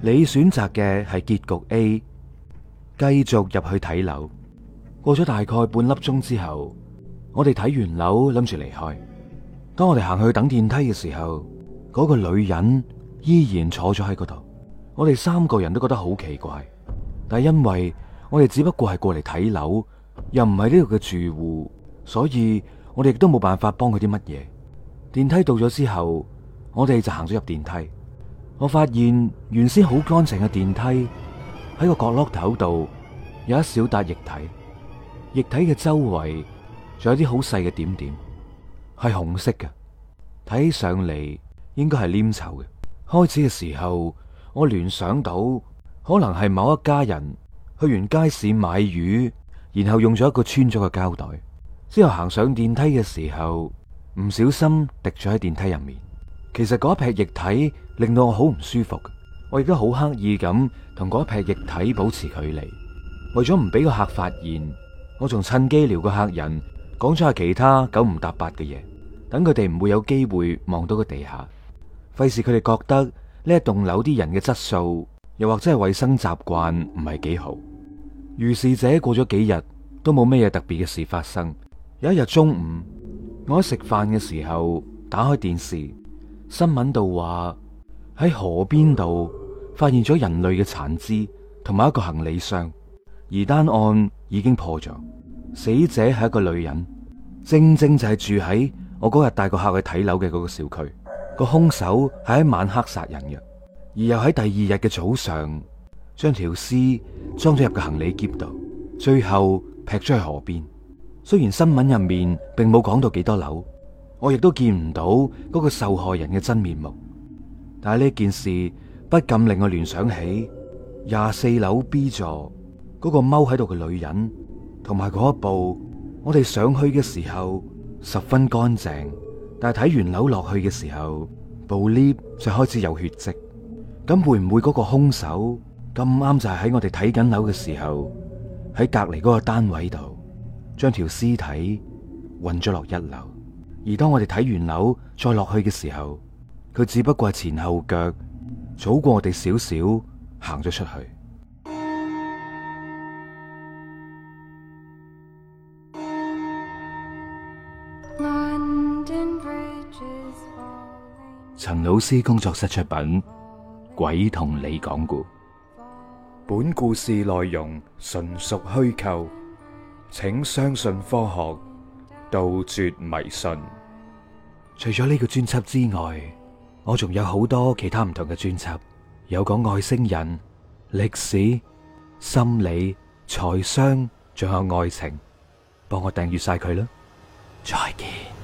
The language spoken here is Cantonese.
你選擇嘅係結局 A，繼續入去睇樓。過咗大概半粒鐘之後，我哋睇完樓諗住離開。當我哋行去等電梯嘅時候，嗰個女人依然坐咗喺嗰度。我哋三個人都覺得好奇怪，但係因為我哋只不過係過嚟睇樓，又唔係呢度嘅住戶，所以我哋亦都冇辦法幫佢啲乜嘢。電梯到咗之後，我哋就行咗入電梯。我發現原先好乾淨嘅電梯喺個角落頭度有一小笪液體，液體嘅周圍仲有啲好細嘅點點，係紅色嘅，睇起上嚟應該係黏稠嘅。開始嘅時候，我聯想到可能係某一家人去完街市買魚，然後用咗一個穿咗嘅膠袋，之後行上電梯嘅時候唔小心滴咗喺電梯入面。其實嗰一劈液體令到我好唔舒服，我亦都好刻意咁同嗰一劈液體保持距離，為咗唔俾個客發現。我仲趁機撩個客人，講咗下其他九唔搭八嘅嘢，等佢哋唔會有機會望到個地下。費事佢哋覺得呢一棟樓啲人嘅質素又或者係衛生習慣唔係幾好。如是者過咗幾日都冇咩嘢特別嘅事發生。有一日中午，我喺食飯嘅時候打開電視。新聞度話喺河邊度發現咗人類嘅殘肢，同埋一個行李箱，而單案已經破咗。死者係一個女人，正正就係住喺我嗰日帶個客去睇樓嘅嗰個小區。個凶手係喺晚黑殺人嘅，而又喺第二日嘅早上將條屍裝咗入個行李喼度，最後劈咗去河邊。雖然新聞入面並冇講到幾多樓。我亦都見唔到嗰個受害人嘅真面目，但係呢件事不禁令我聯想起廿四樓 B 座嗰個踎喺度嘅女人，同埋嗰一部我哋上去嘅時候十分乾淨，但係睇完樓落去嘅時候，部 lift 就開始有血跡。咁會唔會嗰個凶手咁啱就係喺我哋睇緊樓嘅時候，喺隔籬嗰個單位度將條屍體運咗落一樓？而當我哋睇完樓再落去嘅時候，佢只不過係前後腳早過我哋少少行咗出去。Brid ges, 陳老師工作室出品《鬼同你講古》，本故事內容純屬虛構，請相信科學，杜絕迷信。除咗呢個專輯之外，我仲有好多其他唔同嘅專輯，有講外星人、歷史、心理、財商，仲有愛情，幫我訂閱晒佢啦，再見。